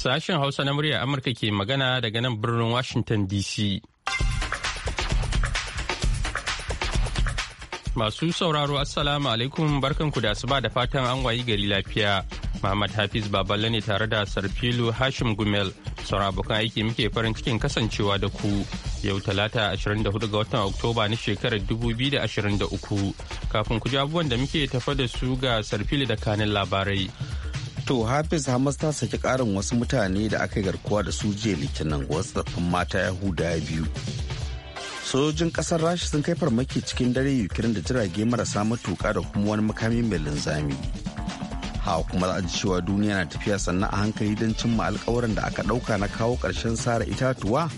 Sashen Hausa na muryar Amurka ke magana daga nan birnin Washington DC. Masu sauraro Assalamu alaikum barkanku da asuba da fatan an wayi gari lafiya. Muhammad Hafiz Baballe ne tare da Sarfilu Hashim Gumel. Sauran abokan aiki muke farin cikin kasancewa da ku. Yau talata 24 ga watan Oktoba na shekarar 2023. Kafin ku ji abubuwan da muke tafa da su ga Sarfilu da kanin labarai. To Hafiz Hamas ta saki karin wasu mutane da aka yi garkuwa da su jiya litinin wasu tsaffin mata Yahuda biyu. Sojojin kasar Rasha sun kai farmaki cikin dare Ukraine da jirage marasa matuka da kuma wani makami mai linzami. Hawa kuma za a ji cewa duniya na tafiya sannan a hankali don cimma alkawarin da aka ɗauka na kawo ƙarshen sara itatuwa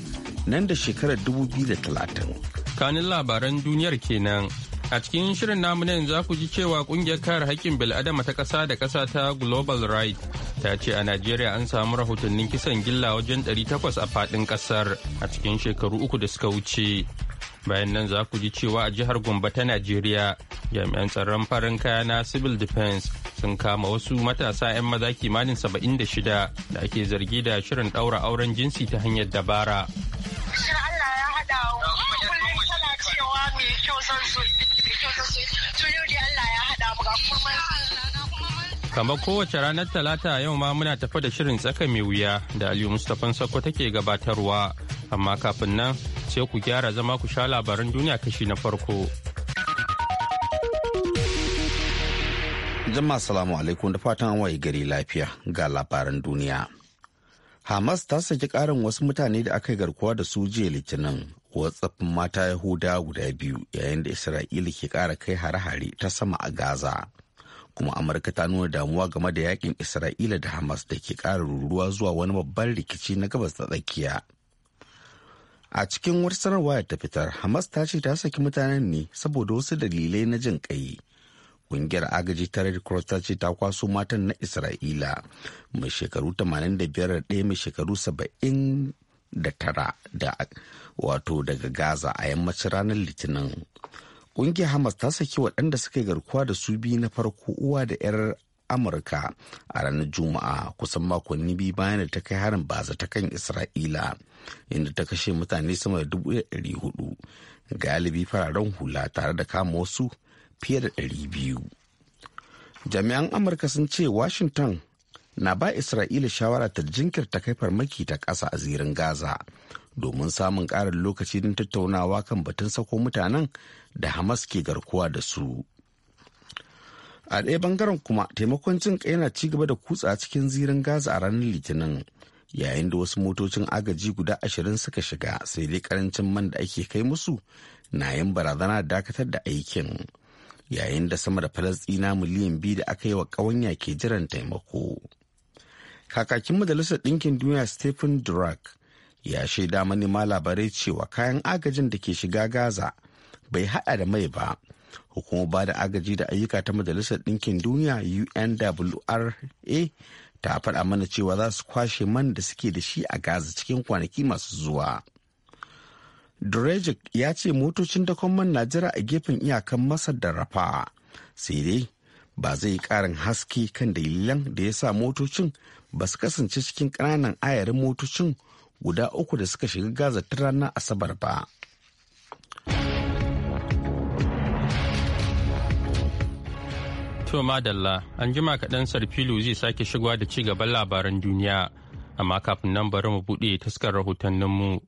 nan da shekarar 2030. Kanin labaran duniyar kenan A cikin shirin namu na yanzu ku ji cewa kungiyar kare haƙƙin bil'adama ta ƙasa da ƙasa ta Global Right ta ce a Najeriya an samu rahotannin kisan gilla wajen 800 a faɗin ƙasar a cikin shekaru uku da suka wuce. Bayan nan za ku ji cewa a jihar Gombe ta Najeriya jami'an tsaron farin kaya na Civil Defense sun kama wasu matasa 'yan maza kimanin 76 da ake zargi da shirin ɗaura auren jinsi ta hanyar dabara. kamar kowace ranar talata yau ma muna tafa da shirin tsaka mai wuya da aliyu mustapha sakko take gabatarwa amma kafin nan sai ku gyara zama ku sha labaran duniya kashi na farko jama'a salamu alaikum da fatan waye gari lafiya ga labaran duniya hamas ta saki karin wasu mutane da aka yi garkuwa da su jiya litinin watsafin mata yahuda guda biyu yayin da isra'ila ke ƙara kai hare-hare ta sama a gaza kuma amurka ta nuna damuwa game da yakin isra'ila da hamas da ke ƙara ruruwa zuwa wani babban rikici na gabas ta tsakiya a cikin wata sanarwa ta fitar hamas ta ce ta saki mutanen ne saboda wasu dalilai na jin ƙai. Kungiyar agaji ta Red Cross ta ce ta kwaso matan na Isra'ila mai shekaru 85 mai shekaru 79 da wato daga Gaza a yammacin ranar Litinin. Kungiyar Hamas ta saki waɗanda suka yi garkuwa da su biyu na farko uwa da 'yar Amurka a ranar Juma'a kusan makonni biyu bayan da ta kai harin baza ta kan Isra'ila inda ta kashe mutane sama da dubu hudu galibi fararen hula tare da kama wasu fiye da 200 jami'an amurka sun ce washington na ba isra'ila shawara ta jinkirta kai farmaki ta ƙasa a zirin gaza domin samun ƙarin lokaci don tattaunawa kan batun sako mutanen da hamas ke garkuwa da su a ɗaya bangaren kuma taimakon jin ƙai na ci gaba da kutsa cikin zirin gaza a ranar litinin yayin da wasu motocin agaji guda ashirin suka shiga sai dai ƙarancin man da ake kai musu na yin barazana dakatar da aikin yayin da sama da falastina miliyan biyu da aka yi wa ƙawanya ke jiran taimako kakakin majalisar ɗinkin duniya stephen durak ya shaida manema labarai cewa kayan agajin da ke shiga gaza bai haɗa da mai ba hukumar ba da agaji da ayyuka ta majalisar ɗinkin duniya unwra ta faɗa mana cewa za su kwashe man da suke da shi a gaza cikin kwanaki masu zuwa drejik ya ce motocin da kwamman Najeriya a gefen iyakan Masar da Rafa. Sai dai ba zai karin haske kan dalilan da ya sa motocin ba su kasance cikin ƙananan ayarin motocin guda uku da suka shiga Gaza ta ranar Asabar ba. To madalla, an jima kaɗan sarfilu zai sake shigowa da ci gaban labaran duniya, amma kafin nan bari mu buɗe taskar rahotanninmu. mu.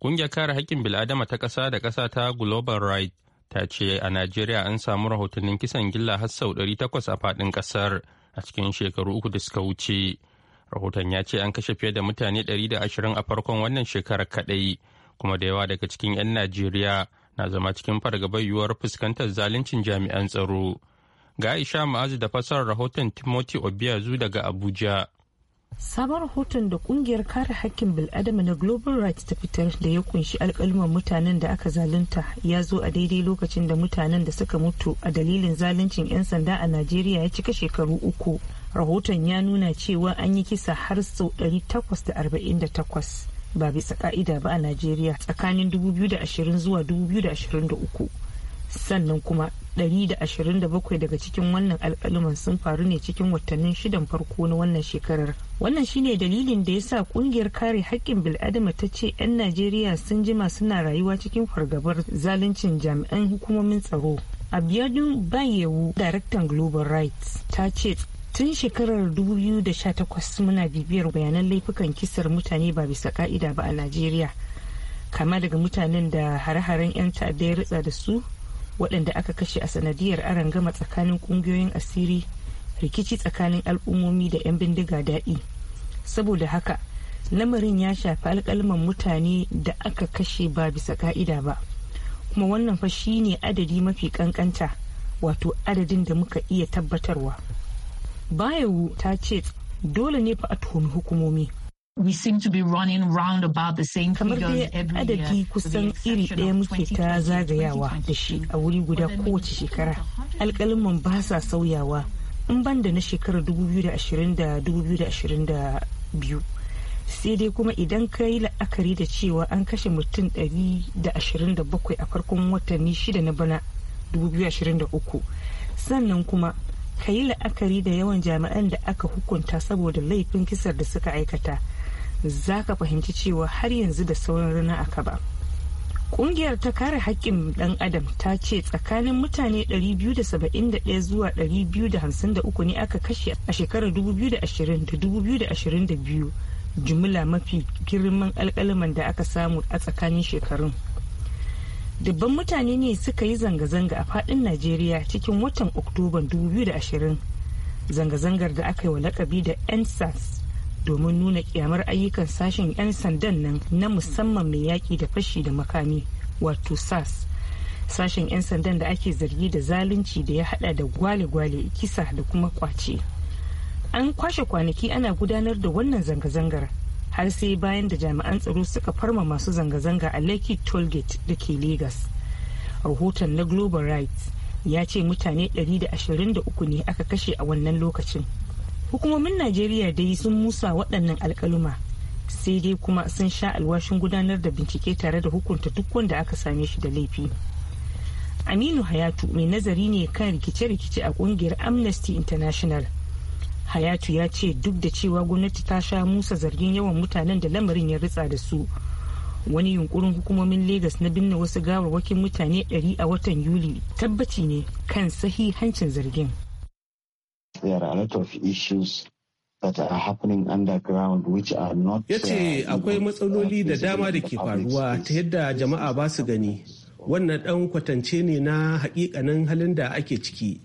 Ƙungiyar kare haƙƙin bil'adama ta ƙasa da ƙasa ta Global Right ta ce a Najeriya an samu rahotannin kisan gilla har sau ɗari takwas a faɗin ƙasar a cikin shekaru uku da suka wuce. Rahoton ya ce an kashe fiye da mutane ɗari da ashirin a farkon wannan shekarar kaɗai, kuma da yawa daga cikin 'yan Najeriya na zama cikin fargabar yiwuwar fuskantar zaluncin jami'an tsaro. Ga Aisha Ma'azu da fassarar rahoton Timothy Obiazu daga Abuja. sabon rahoton da kungiyar kare hakkin bil'adama na global rights ta fitar da ya kunshi alkalman mutanen da aka zalunta ya zo a daidai lokacin da mutanen da suka mutu a dalilin zaluncin 'yan sanda a najeriya ya cika shekaru uku rahoton ya nuna cewa an yi kisa har sau 848 ba bisa ka'ida ba a najeriya tsakanin 2020 zuwa 2023 sannan kuma 127 daga cikin wannan alkaluman sun faru ne cikin watannin shidan farko na wannan shekarar. Wannan shine dalilin da ya sa kungiyar kare haƙƙin bil'adama ta ce 'yan Najeriya sun jima suna rayuwa cikin fargabar zaluncin jami'an hukumomin tsaro. Abiodun Bayewu, Daraktan Global Rights, ta ce tun shekarar 2018 muna bibiyar bayanan laifukan kisar mutane ba bisa ka'ida ba a Najeriya. kama daga mutanen da hare-haren 'yan ta'adda ya ritsa da su waɗanda aka kashe a sanadiyar gama tsakanin ƙungiyoyin asiri rikici tsakanin al'ummomi da 'yan bindiga daɗi saboda haka lamarin ya shafi alƙalman mutane da aka kashe ba bisa ka'ida ba kuma wannan fa shine adadi mafi ƙanƙanta wato adadin da muka iya tabbatarwa bayewu ta ce dole ne fa a tuhumi hukumomi we seem to be running round about kamar dai adadi kusan iri ɗaya muke ta zagayawa da shi a wuri guda kowace shekara alƙaliman ba sa sauyawa in ban da na shekarar 2020 2022 sai dai kuma idan ka yi la'akari da cewa an kashe mutum 127 a farkon watanni shida na bana 2023 sannan kuma ka yi la'akari da yawan jami'an da aka hukunta saboda laifin kisar da suka aikata za ka fahimci cewa har yanzu da sauran rana aka ba. Kungiyar ta kare haƙƙin ɗan adam ta ce tsakanin mutane 271 zuwa 253 ne aka kashe a shekarar 2020 da 2022 jumla mafi girman alkalaman da aka samu a tsakanin shekarun. Dubban mutane ne suka yi zanga-zanga a faɗin Najeriya cikin watan Oktoban 2020 zanga-zangar da aka yi wa lakabi da NSAS domin nuna kyamar ayyukan sashen 'yan sandan nan na musamman mai yaƙi da fashi da makami wato sas sashen 'yan sandan da ake zargi da zalunci da ya hada da gwale-gwale kisa da kuma kwace an kwashe kwanaki ana gudanar da wannan zanga-zangar har sai bayan da jami'an tsaro suka farma masu zanga-zanga a lekki tollgate da ke lagos rahoton na global rights ya ce mutane 123 ne aka kashe a wannan lokacin hukumomin najeriya dai sun musa waɗannan alkaluma sai dai kuma sun sha alwashin gudanar da bincike tare da hukunta duk wanda aka same shi da laifi aminu hayatu mai nazari ne kan rikice-rikice a ƙungiyar amnesty international hayatu ya ce duk da cewa gwamnati ta sha musa zargin yawan mutanen da lamarin ya ritsa da su wani yunkurin hukumomin Legas na binne wasu gawarwakin mutane 100 a watan Yuli tabbaci ne kan sahihancin zargin. There are Ya uh, akwai matsaloli da dama da ke faruwa ta yadda jama'a ba su gani. Wannan dan kwatance ne na hakikanin halin da ake ciki.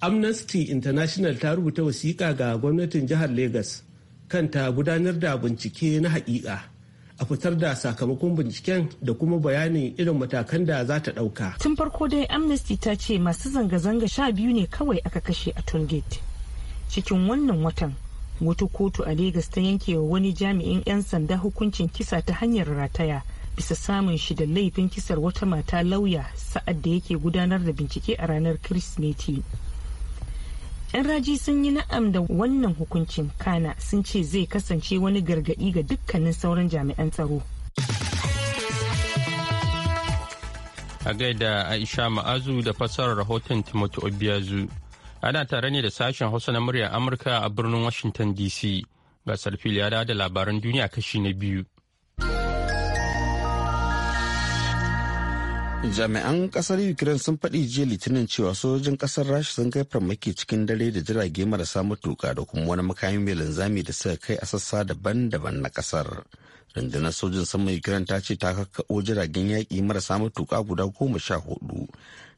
Amnesty International ta rubuta wasiƙa ga gwamnatin jihar Legas kan ta gudanar da bincike na haƙiƙa. a fitar da sakamakon binciken da kuma bayanin irin matakan da za ta ɗauka. Tun farko dai Amnesty ta ce masu zanga-zanga sha biyu ne kawai aka kashe a Tongate. cikin wannan watan wata kotu a Legas ta yanke wa wani jami'in 'yan sanda hukuncin kisa ta hanyar rataya bisa samun shi da laifin kisar wata mata lauya sa'ad da yake gudanar da bincike a ranar Kirsimeti. 'Yan raji sun yi na'am da wannan hukuncin kana sun ce zai kasance wani gargaɗi ga dukkanin sauran jami'an tsaro. A gaida Aisha Ma'azu da fasarar rahoton timoti Obiazu. Ana tare ne da sashen Hausa na muryar Amurka a birnin Washington DC. Ga Sarfili ya da labaran duniya kashi na biyu. Jami'an kasar Ukraine sun faɗi jiya litinin cewa sojojin kasar Rasha sun kai farmaki cikin dare da jirage marasa matuka da kuma wani makami mai linzami da suka kai a sassa daban-daban na kasar. rundunar sojin saman ukraine ta ce ta kakkaɓo jiragen yaƙi marasa matuka guda goma sha hudu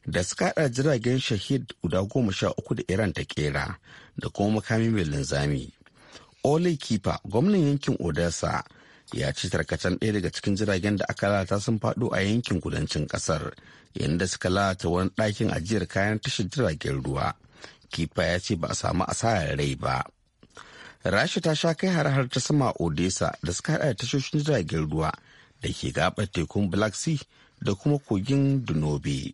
da suka hada jiragen shahid guda goma sha uku da iran ta kera da kuma makami mai linzami ole kifa gwamnan yankin odessa ya ci tarkacen ɗaya daga cikin jiragen da aka lalata sun faɗo a yankin kudancin ƙasar inda suka lalata wani ɗakin ajiyar kayan tashar jiragen ruwa kifa ya ce ba a samu asarar rai ba rasha ta sha kai har-har ta sama odessa da suka haɗa tashoshin jiragen ruwa da ke gabar tekun black sea da kuma kogin dunobe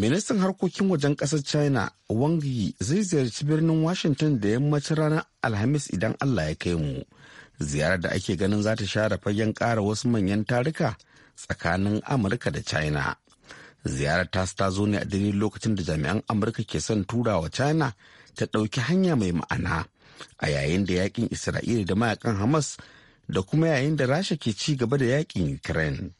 ministan harkokin wajen ƙasar china wang yi zai ziyarci birnin washington da yammacin ranar alhamis idan allah ya kai mu ziyarar da ake ganin za ta share fagen ƙara wasu manyan tarika tsakanin amurka da china ziyarar ta ta zo ne a dalilin lokacin da jami'an amurka ke son tura wa china ta ɗauki hanya mai ma'ana a yayin da yakin isra'ila da mayakan hamas da kuma yayin da rasha ke ci gaba da yakin ukraine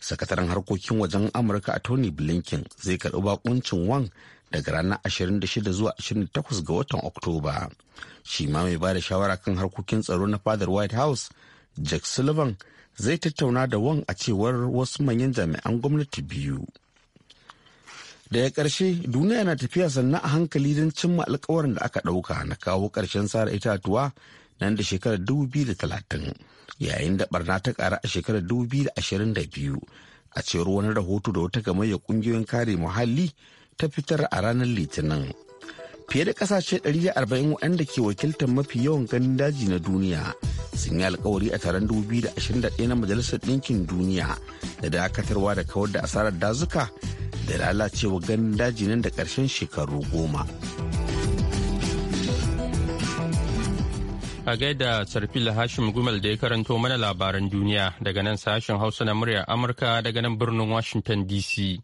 sakataren harkokin wajen amurka a tony blinken zai karɓi bakuncin wang daga ranar 26 zuwa 28 ga watan oktoba shi ma mai ba da shawara kan harkokin tsaro na fadar white house jack sullivan zai tattauna da wang a cewar wasu manyan jami'an gwamnati biyu Da ya ƙarshe duniya na tafiya sannan a hankali don cimma alkawarin da aka ɗauka na kawo ƙarshen sare itatuwa nan da shekarar 2030 yayin da barna ta kara a shekarar 2022 a cewar wani rahoto da wata gamayyar kungiyoyin kare muhalli ta fitar a ranar litinin fiye da ƙasashe 140 waɗanda ke wakiltar mafi yawan ganin daji na duniya sun yi alkawari a taron 2021 na majalisar ɗinkin duniya da dakatarwa da kawar da asarar dazuka da lalacewa ganin daji nan da karshen shekaru goma. A gaida la Hashim Gumel da ya karanto mana labaran duniya daga nan sashen Hausa na muryar Amurka daga nan birnin Washington DC.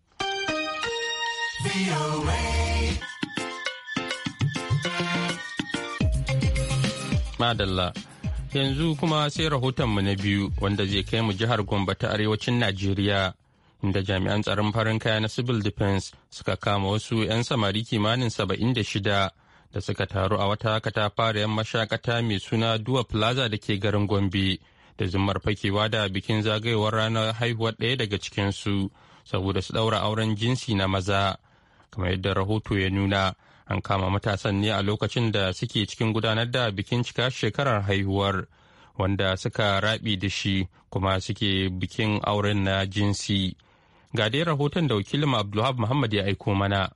Madalla. Yanzu kuma sai rahotonmu na biyu wanda zai kai mu jihar Gombe ta arewacin Najeriya. Inda jami'an tsaron farin kaya na Civil Defense suka kama wasu 'yan samari kimanin saba'in da shida. da suka taru a wata 'yan mashakata mai suna duwa Plaza da ke garin Gombe da zumar fakewa da bikin zagayowar ranar haihuwar ɗaya daga cikinsu saboda su ɗaura auren jinsi na maza. Kamar yadda rahoto ya nuna, an kama matasan ne a lokacin da suke cikin gudanar da bikin cika shekarar haihuwar, wanda suka raɓi da shi kuma suke bikin auren na jinsi. Ga dai rahoton da wakilin Abdulhab Muhammad ya aiko mana.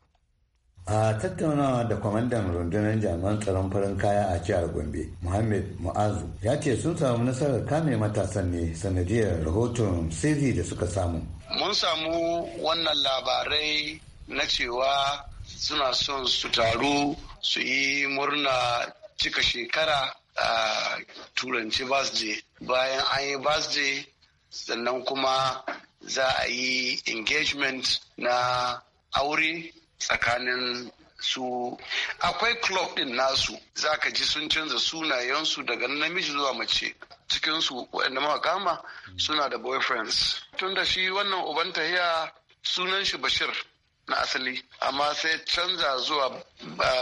a tattaunawa da kwamandan rundunar jami'an tsaron farin kaya a jihar gombe muhammed mu'azu ya ce sun samu nasarar kame matasan ne sanadiyar rahoton sirri da suka samu mun samu wannan labarai na cewa suna son su taru su yi murna cika shekara a turanci birthday bayan an yi birthday sannan kuma za a yi engagement na aure tsakanin su akwai club din nasu Za ka ji sun canza sunayensu daga namiji zuwa mace cikinsu waɗanda muka kama suna da boyfriends tun da shi wannan uban tahiya sunan shi bashir na asali amma sai canza zuwa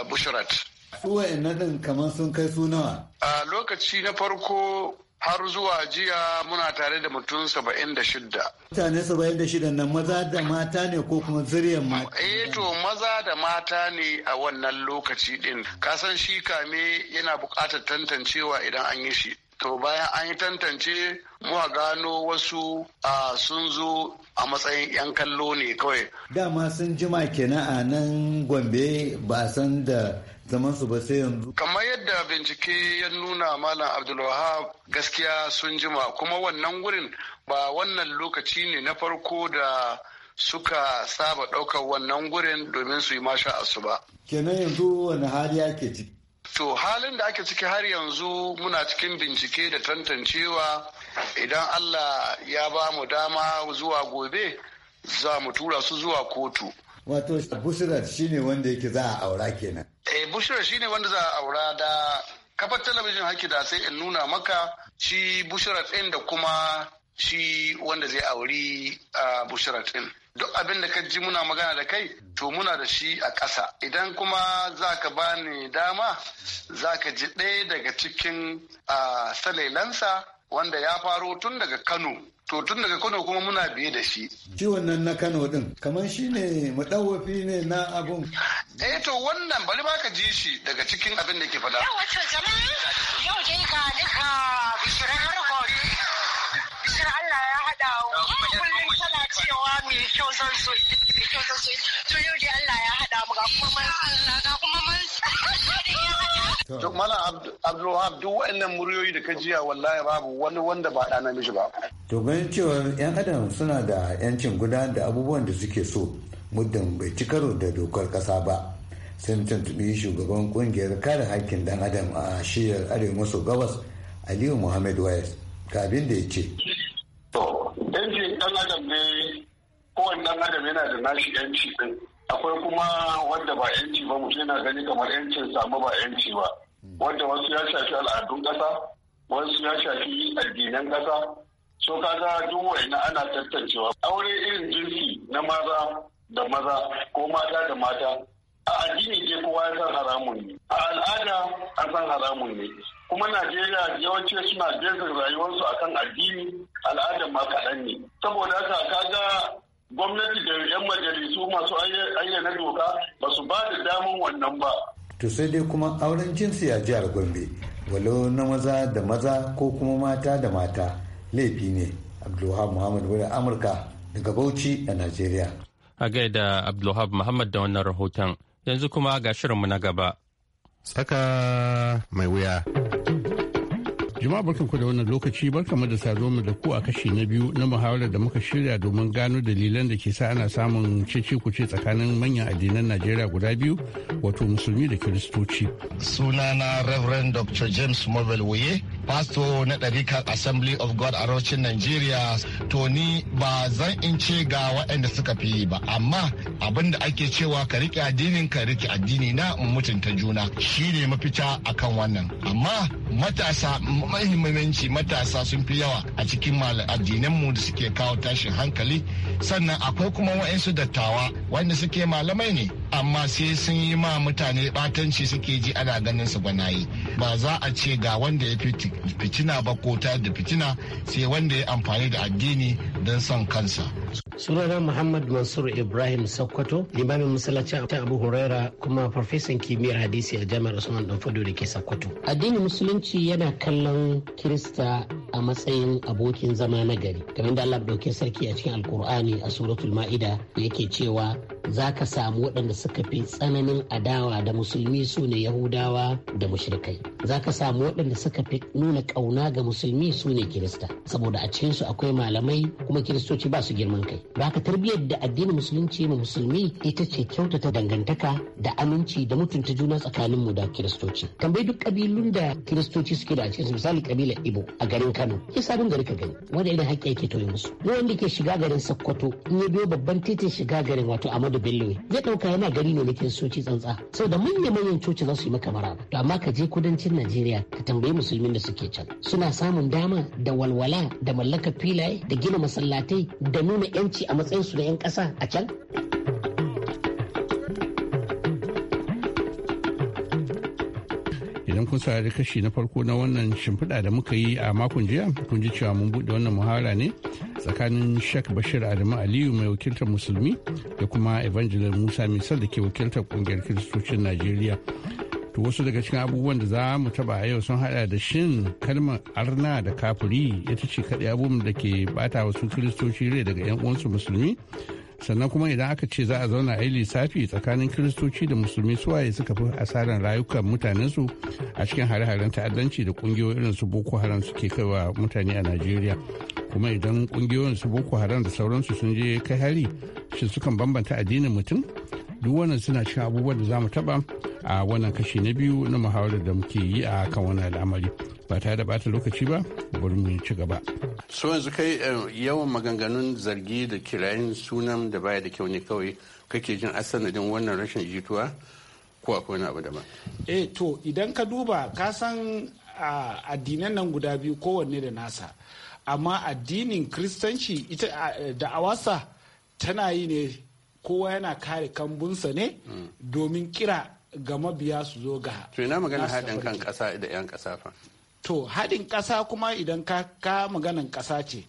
bushrat su wa'annan kamar sun kai sunawa. a lokaci na farko har zuwa jiya muna tare da mutum saba'in da shidda. Mutane saba'in da shidda nan maza da mata ne ko kuma zuriyar mata? Eh to maza da mata ne a wannan lokaci din. Kasan shi kame yana buƙatar tantancewa idan an yi shi. To bayan an yi tantance muka gano wasu a sun zo a matsayin 'yan kallo ne kawai. Dama sun jima kenan a nan Gombe ba san da zaman su ba sai yanzu. Kamar yadda bincike ya nuna Malam Abdulwahab gaskiya sun jima kuma wannan wurin ba wannan lokaci ne na farko da suka saba ɗaukar wannan gurin domin su yi masha ba. Kenan yanzu wani hali ake ciki? To halin da ake ciki har yanzu muna cikin bincike da tantancewa idan Allah ya ba mu dama zuwa gobe za mu tura su zuwa kotu. wato bushirar shine wanda yake za a aura kenan eh bushirar shine wanda za a aura da kafar talabijin haki da sai in nuna maka shi bushirar ɗin da kuma shi wanda zai auri a bushirar ɗin duk abin da ka ji muna magana da kai to muna da shi a ƙasa idan kuma za ka ba ni dama za ka ji ɗaya daga cikin salailansa wanda ya faro tun daga kano to tun daga kano kuma muna biye da shi ciwon nan na kano din kamar shi ne madawafi ne na abun eh to wannan bari ba ka ji shi daga cikin abin da ke fada yau wato jama'a yau dai ga duka bishirin harkar bishirin Allah ya haɗa kullum tana cewa mai kyau zan so mai to yau dai Allah ya haɗa mu ga kuma mun na kuma mun to mala abdulwahab duk wa'annan muryoyi da ka jiya wallahi babu wani wanda ba ɗa namiji ba to ganin cewa yan adam suna da yancin guda da abubuwan da suke so muddin bai ci karo da dokar kasa ba sun tuntuɓi shugaban kungiyar kare hakkin dan adam a shiyar arewa maso gabas aliyu muhammad wayes ga abin da ya ce to yancin dan adam ne kowane dan adam yana da nashi yanci din akwai kuma wanda ba yanci ba mutum yana gani kamar yancin samu ba yanci ba wanda wasu ya shafi al'adun ƙasa wasu ya shafi addinan ƙasa so kaga duk wa'ina ana tantancewa aure irin jinsi na maza da maza ko mata da mata a addini ke kowa ya san haramun ne a al'ada an san haramun ne kuma najeriya yawanci suna bezin rayuwarsu akan addini al'ada ma kaɗan ne saboda haka ga. gwamnati da 'yan majalisu masu ayyana doka ba su ba da damun wannan ba. To sai dai kuma auren jinsi a jihar Gombe, walau na maza da maza ko kuma mata da mata laifi ne. Abdulwahab Muhammad wani Amurka daga Bauchi a Najeriya. A gaida Abdulwahab Muhammad da wannan rahoton yanzu kuma ga shirinmu na gaba. Saka mai wuya. Jama'a barkan ku da wannan lokaci barka mu da sado mu da ku a kashi na biyu na muhawarar da muka shirya domin gano dalilan da ke sa ana samun cece kuce tsakanin manyan addinan Najeriya guda biyu wato musulmi da kiristoci. Sunana Reverend Dr. James Mobile Wuye pasto na ɗarikar assembly of god a rocin nigeria to ni ba zan in ce ga waɗanda suka fi yi ba amma abin da ake cewa ka riƙe addinin ka riƙe addini na mutunta juna shine mafita a kan wannan amma matasa mahimmanci matasa sun fi yawa a cikin addinanmu da suke kawo tashin hankali sannan akwai kuma waɗansu dattawa wanda suke malamai ne amma sai sun yi ma mutane batanci suke ji ana ganin su gwanaye ba za a ce ga wanda ya fitina ba ko ta da fitina sai wanda ya amfani da addini don son kansa sunana muhammad mansur ibrahim sokoto limamin masallacin ta abu huraira kuma farfesan kimiyyar hadisi a jami'ar usman dan fado da ke sokoto addinin musulunci yana kallon kirista a matsayin abokin zama na gari kamar da allah dauke sarki a cikin alkur'ani a suratul ma'ida da yake cewa za ka samu waɗanda suka fi tsananin adawa da musulmi su ne yahudawa da mushrikai za ka samu waɗanda suka fi nuna ƙauna ga musulmi su ne kirista saboda a cikinsu akwai malamai kuma kiristoci ba su girman kai ba ka tarbiyyar da addinin musulunci ma musulmi ita ce kyautata dangantaka da aminci da mutunta juna tsakanin mu da kiristoci tambayi duk kabilun da kiristoci suke da a cikinsu misali kabilar ibo a garin kano ya sabon gari ka gani wanda irin haƙƙi yake toye musu wanda ke shiga garin sokoto in ya biyo babban titin shiga garin wato amadu bello zai ɗauka kana gari ne na soci tsantsa sau da manya manyan coci za su yi maka ba to amma ka je kudancin najeriya ka tambayi musulmin da suke can suna samun dama da walwala da mallakar filaye da gina masallatai da nuna yanci a matsayin su na yan ƙasa a can idan kun saurari kashi na farko na wannan shimfiɗa da muka yi a makon jiya kun ji cewa mun buɗe wannan muhawara ne tsakanin Sheikh Bashir Adamu Aliyu mai wakiltar musulmi da kuma Evangelist Musa Misal da ke wakiltar kungiyar Kiristocin Najeriya. To wasu daga cikin abubuwan da za mu taba a yau sun hada da shin kalmar arna da kafiri ita ce kaɗai abubuwan da ke bata wasu kiristoci rai daga 'yan uwansu musulmi sannan kuma idan aka ce za a zauna a yi lissafi tsakanin kiristoci da musulmi suwaye suka fi asarar rayukan mutanensu a cikin hare-haren ta'addanci da kungiyoyi irin su boko haram suke kaiwa mutane a najeriya kuma idan kungiyoyin su boko haram da sauransu sun je kai hari shi sukan bambanta addinin mutum duk wannan suna cikin abubuwan da za mu taba a wannan kashi na biyu na muhawarar da muke yi a kan wani al'amari ba tare da bata lokaci ba bari mu ci gaba so yanzu kai eh, yawan maganganun zargi da kirayin sunan da baya da kyau ne kawai kake jin asanadin wannan rashin jituwa ko akwai wani abu daban eh to idan ka duba ka san ah, addinan nan guda biyu kowanne da nasa amma addinin kristanci ita eh, da awasa tana yi ne kowa yana kare kambunsa ne domin kira ga mabiya su zo ga to ina magana haɗin kan ƙasa da 'yan ƙasa fa to haɗin ƙasa kuma idan ka ka maganan ƙasa ce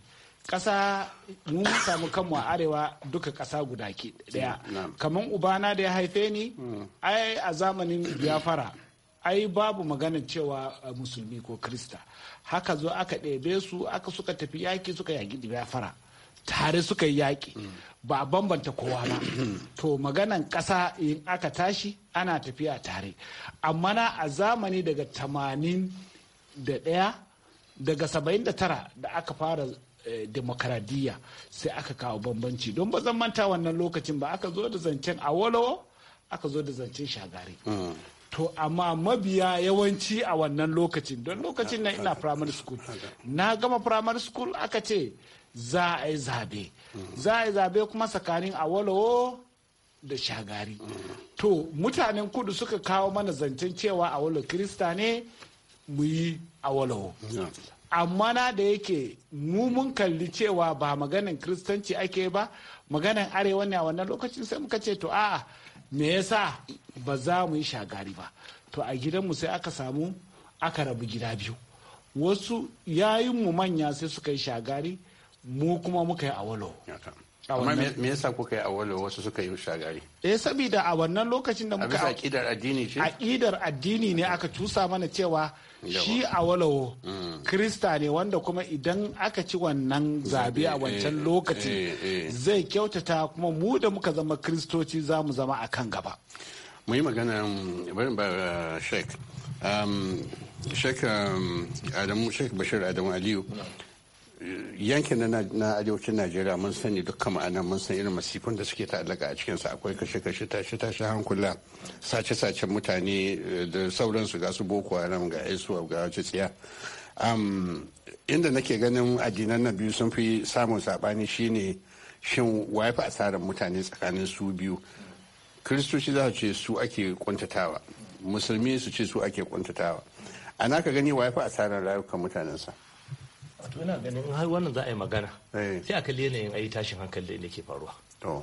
ƙasa mun samu kanmu a arewa duka ƙasa guda ke ɗaya mm, kamar ubana da ya haife ni mm. ai a zamanin biyafara ai babu maganin cewa eh, musulmi ko krista haka zo aka ɗebe su aka suka tafi yaki suka yaki biafra tare suka yi yaƙi ba a bambanta kowa ba mm. to maganan ƙasa in aka tashi ana tafiya tare amma na a zamani daga tamanin da ɗaya daga saba'in da tara da aka fara eh, demokaradiyya sai aka kawo bambanci don ba zan manta wannan lokacin ba aka zo da zancen awolowo aka zo da zancen shagari mm. to amma mabiya yawanci a wannan lokacin don lokacin na ina primary school na gama primary school aka ce za a yi zabe za a yi zabe kuma tsakanin awolowo da shagari to mutanen kudu suka kawo mana zancen cewa awolo kirista ne mu yi awolowo amma na da yake mu mun kalli cewa ba maganin kristanci ake ba maganin arewa ne a wannan lokacin sai muka ce to a'a me yasa ba za mu yi shagari ba to a gidanmu sai aka samu aka rabu gida biyu wasu yayin mu manya sai suka yi shagari mu kuma muka yi a awalo amma me yasa kuka yi a awalo wasu suka yi shagari eh saboda a wannan lokacin da muka aqidar addini ce aqidar addini ne aka cusa mana cewa shi a awalo mm. krista ne wanda kuma idan aka ci wannan zabe a wancan eh, eh, lokaci eh, zai kyautata kuma mu da muka zama kristoci za mu zama a kan gaba mu yi magana bari ba shek uh, shek um, um, adamu shek bashir adamu aliyu yankin na arewacin najeriya mun sani dukkan ma'ana mun san irin masifin da suke ta'allaka a cikinsa akwai kashe-kashe tashi tashi hankula sace sace mutane eh, da sauransu ga su boko haram ga isuwa ga wace tsiya inda nake ganin addinan na biyu sun fi samun saɓani shine shin waifi fi asarar mutane tsakanin su biyu kiristoci za ce su ake kuntatawa musulmi su ce su ake kuntatawa ana ka gani waifi asarar rayukan mutanensa wato ina ganin har wannan za a yi magana eh. sai a kalli yanayin ayi tashin hankali da ke faruwa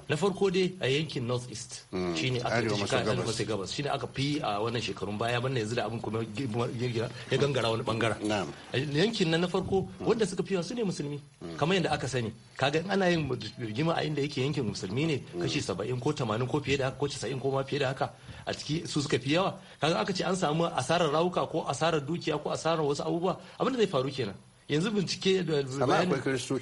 na farko dai a yankin north east hmm. shine aka ta shekara arewa maso gabas shine aka fi a wannan shekarun baya banda yanzu da abin kuma ya gangara wani bangara. yankin nan na farko hmm. wanda suka fi su ne musulmi hmm. kamar yadda aka sani kaga ana yin rigima a inda yake yankin musulmi ne kashi saba'in ko tamanin ko fiye da haka ko casa'in ko ma fiye da haka a ciki su suka fi yawa kaga aka ce an samu asarar rawuka ko asarar dukiya ko asarar wasu abubuwa abinda zai faru kenan yanzu bincike da bayani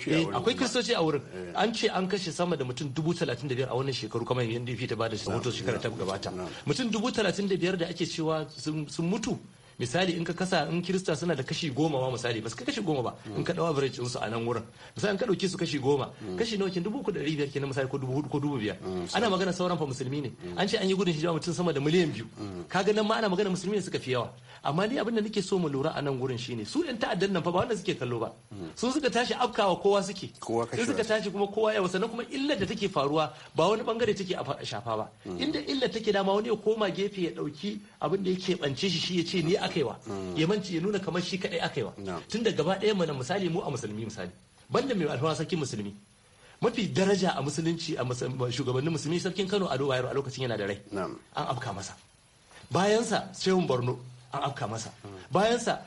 eh, akwai kristoci a wurin eh. an ce an kashe sama da mutum dubu talatin da biyar a wannan shekaru kamar yadda fi ta bada rahoto shekara ta gabata mutum dubu talatin da biyar da ake cewa sun mutu misali in ka kasa in kirista suna da kashi goma ma misali ba su kashi goma ba hmm. in ka dawa average su a nan wurin misali in ka dauke su kashi goma hmm. kashi nawa kin dubu uku da biyar kenan misali ko dubu hudu ko dubu biyar hmm, ana magana sauran fa musulmi ne an ce an yi gudun hijira mutum sama da miliyan biyu kaga nan ma ana magana musulmi ne suka fi yawa amma ni abin da nake so mu lura a nan gurin shine su yan ta'addan nan fa ba wanda suke kallo ba hmm. su suka tashi afkawa kowa suke sai suka tashi kuma kowa ya sannan kuma illar da take faruwa ba wani bangare take a shafa ba hmm. inda illar take dama wani ya koma gefe ya dauki abin da yake bance shi shi ya ce ni wa hmm. ya manci ya nuna kamar shi kadai akaiwa wa Tunda gaba ɗaya mana misali mu a musulmi misali banda mai alfawa sarkin musulmi mafi daraja a musulunci a shugabannin musulmi sarkin kano a a lokacin yana da rai an afka masa bayansa shehun borno an afka masa bayansa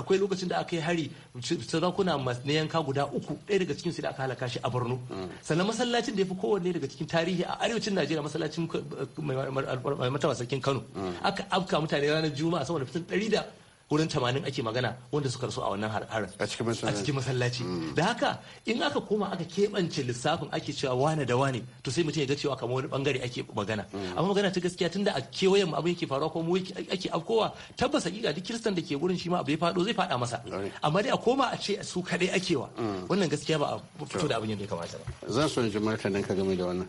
akwai lokacin da aka yi hari sarakuna na yanka guda uku ɗaya daga cikinsu da aka halaka shi a borno sannan masallacin da ya fi kowanne daga cikin tarihi a arewacin najeriya masallacin mai matawa sarkin kano aka afka mutane ranar juma'a saboda da ɗari da wurin tamanin ake magana wanda suka rasu a wannan harin a cikin masallaci mm. da haka in aka koma aka keɓance lissafin ake cewa wane da wane to sai mutum ya ga cewa kamar wani bangare ake magana mm. amma magana ta gaskiya tunda a kewayen abin yake faruwa ko mu ake afkowa tabbas hakika duk kiristan da ke gurin shi ma abu ya faɗo zai faɗa masa amma dai a koma a ce su ake akewa mm. wannan gaskiya ba a fito da abin yadda ya kamata ba zan so ji martanin ka game da wannan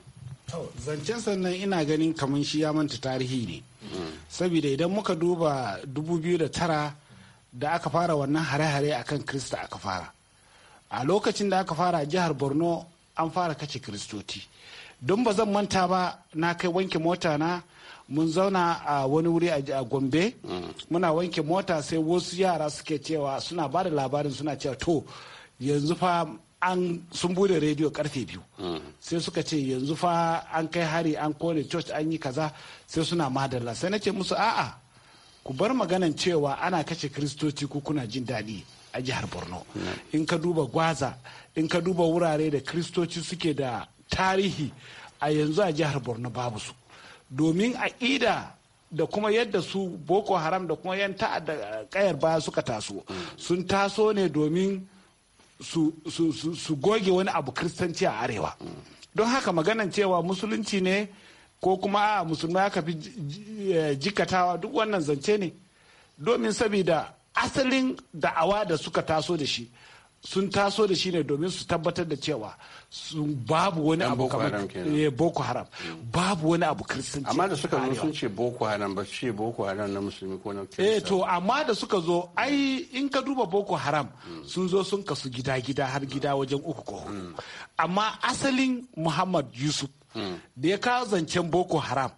zancen sannan ina ganin kamar shi ya manta tarihi ne saboda idan muka duba 2009 da aka fara wannan hare-hare a kan kirista aka fara a lokacin da aka fara jihar borno an fara kace kiristoti don ba zan manta ba na kai wanke mota na mun zauna a wani wuri a gombe mm. muna wanke mota sai wasu yara suke cewa suna ba da labarin suna cewa to yanzu fa an sun bude rediyo karfe biyu hmm. sai suka ce yanzu fa an kai hari an kone church an yi kaza sai suna madalla sai na ce musu a'a ku bar maganan cewa ana kashe kristoci ku kuna jin daɗi a jihar borno hmm. in ka duba gwaza in ka duba wurare da kristoci suke da tarihi a yanzu a jihar borno babu su domin a ida da kuma yadda su boko haram da kuma yan ta'adda kayar baya suka taso hmm. sun taso ne domin su goge wani abu kristanci a arewa don haka maganan cewa musulunci ne ko kuma a musulmai aka fi eh, jikatawa duk wannan zance ne domin sabida asalin da'awa da suka taso da shi sun taso da shi ne domin su tabbatar da cewa babu wani abu kamar eh, boko haram babu wani abu kristanci amma da suka zo sun ce boko haram ba ce boko haram na musulmi ko na eh, kirista eh to amma da suka zo ai in ka duba boko haram sun zo sun kasu gida gida har gida wajen uku ko amma asalin muhammad yusuf hmm. da ya kawo zancen boko haram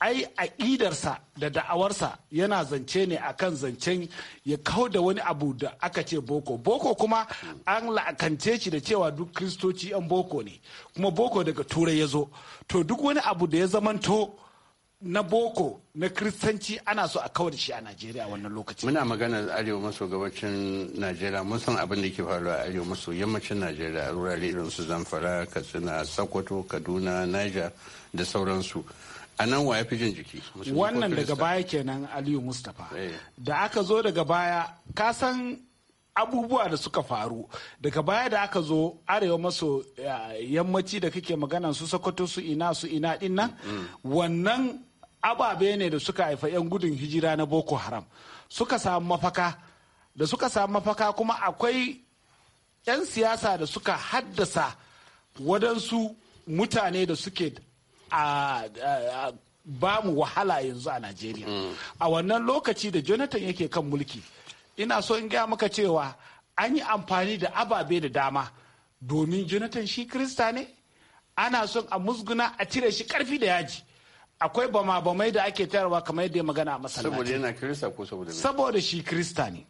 ai aƙidarsa da da'awarsa yana zance ne akan zancen ya kau da wani abu da aka ce boko boko kuma an la'akance shi da cewa duk kristoci 'yan boko ne kuma boko daga turai ya zo to duk wani abu da ya zamanto na boko na kristanci ana so a kawar shi a najeriya wannan lokaci muna magana arewa maso gabacin najeriya mun san abin da ke faruwa a arewa maso yammacin najeriya rurale irin su zamfara katsina sokoto kaduna niger da sauransu a nan wa ya fi jin jiki wannan daga baya kenan aliyu mustapha eh. da aka zo daga baya ka san abubuwa da suka faru daga baya da aka zo arewa maso yammaci da kake magana su sokoto su ina su ina din mm. wannan ababe ne da suka haifa 'yan gudun hijira na boko haram suka samu mafaka da suka samu mafaka kuma akwai 'yan siyasa da suka haddasa wadansu mutane da suke a ba mu wahala yanzu a najeriya a wannan lokaci da jonathan yake kan mulki ina so in gaya maka cewa an yi amfani da ababe da dama domin jonathan shi krista ne ana son a musguna a cire shi karfi da yaji akwai bama bamai da ake tayarwa kamar yadda ya magana a saboda yana krista ko saboda saboda shi krista ne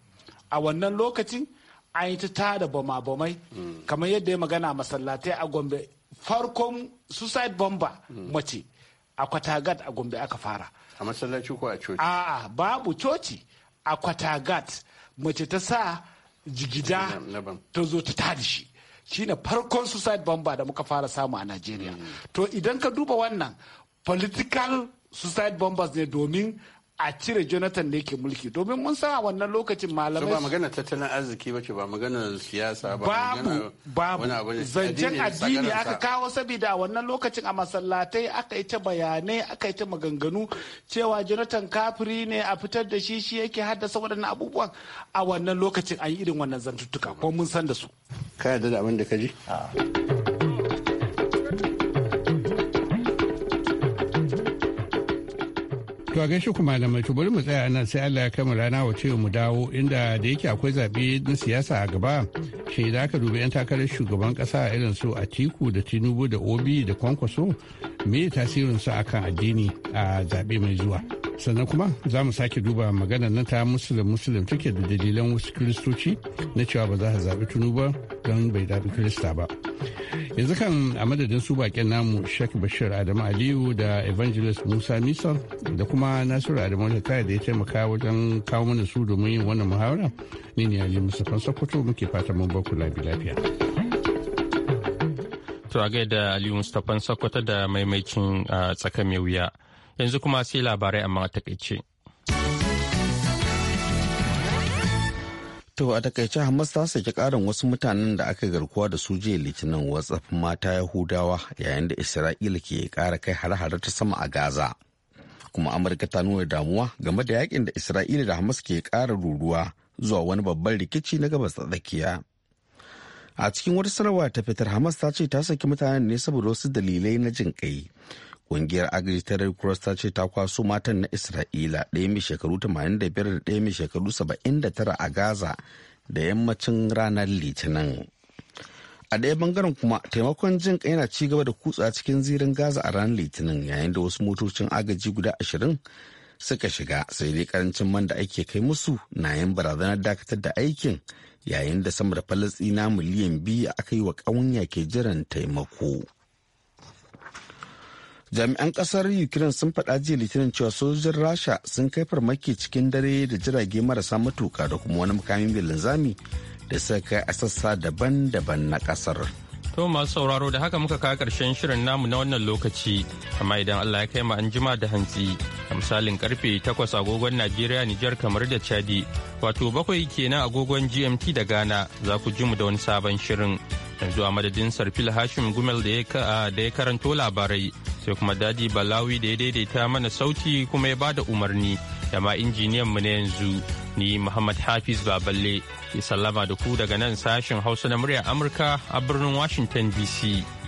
a wannan lokacin an yi ta tada bama bamai mm. kamar yadda ya magana a masallatai a gombe farkon suicide bomber mace a kwatagat a gombe aka fara a masallaci ko a coci a'a babu coci a kwatagat mace ta sa jigida ta zo ta tada shi shine farkon suicide bomber da muka fara samu a Najeriya. Mm. To idan ka duba wannan political suicide bombers ne domin a cire jonathan da yake mulki domin mun san a wannan lokacin malamai ba magana tattalin arziki ba ba magana siyasa ba babu babu zancen addini aka kawo saboda a wannan lokacin a masallatai aka yi ta bayanai aka yi ta maganganu cewa jonathan kafiri ne a fitar da shi shi yake haddasa waɗannan abubuwan a wannan lokacin an yi irin wannan zantuttuka ko mun san da su ka yarda da abin da ka ji ah. To a shi kuma malamai to bari mu tsaya nan sai Allah ya kama rana wace mu dawo inda da yake akwai zaɓe na siyasa a gaba shi da aka dubi 'yan takarar shugaban ƙasa irin su a Atiku da Tinubu da Obi da Kwankwaso me tasirin su akan addini a zaɓe mai zuwa. Sannan kuma za mu sake duba magana nan ta musulun musulun take da dalilan wasu kiristoci na cewa ba za a zaɓi Tinubu don bai zaɓi kirista ba. yanzu kan a madadin su bakin namu shek Bashir Adamu Aliyu da Evangelist Musa Misal da kuma Nasiru Adamu da da ya taimaka wajen kawo mana su domin yin wannan muhawara ni ne Ali Musa Sokoto muke fata mun baku labi lafiya. To a gaida aliyu Mustapha Sokoto da maimakin ah, tsaka wuya yanzu kuma sai labarai amma takaice. To a takaice Hamas ta saki karin wasu mutanen da aka garkuwa da su jiya litinin WhatsApp mata Yahudawa yayin da Isra'ila ke kara kai hare-hare ta sama a Gaza. Kuma Amurka ta nuna damuwa game da yakin da Isra'ila da Hamas ke kara ruruwa zuwa wani babban rikici na gabas ta tsakiya. A cikin wata sanarwa ta fitar Hamas ta ce ta saki mutanen ne saboda wasu dalilai na jin kai. Ƙungiyar ta Red Cross ta ce ta kwaso matan na Isra'ila ɗaya mai shekaru 85 da ɗaya mai shekaru 79 a Gaza da yammacin ranar Litinin. A ɗaya bangaren kuma taimakon jin kai yana ci gaba da kutsa cikin zirin Gaza a ranar Litinin yayin da wasu motocin agaji guda ashirin suka shiga sai dai karancin man da ake kai musu na yin barazanar dakatar da aikin yayin da sama da falastina miliyan biyu aka yi wa ƙawanya ke jiran taimako. jami'an kasar ukraine sun faɗa jiya litinin cewa sojojin rasha sun kai farmaki cikin dare da jirage marasa matuka da kuma wani mukamin mai linzami da suka kai a sassa daban-daban na kasar. To masu sauraro da haka muka kawo ƙarshen shirin namu na wannan lokaci, amma idan Allah ya kai mu an jima da hantsi, a misalin karfe 8 agogon Najeriya Nijar kamar da Chadi, wato bakwai kenan agogon GMT da Ghana za ku ji mu da wani sabon shirin. Yanzu a madadin Sarfil Hashim Gumel da ya karanto labarai, sai kuma Dadi Balawi da ya daidaita mana sauti kuma ya bada umarni. da ma injiniyanmu na yanzu ni Muhammad Hafiz Baballe ke sallama da ku daga nan sashen Hausa na muryar Amurka a birnin Washington DC.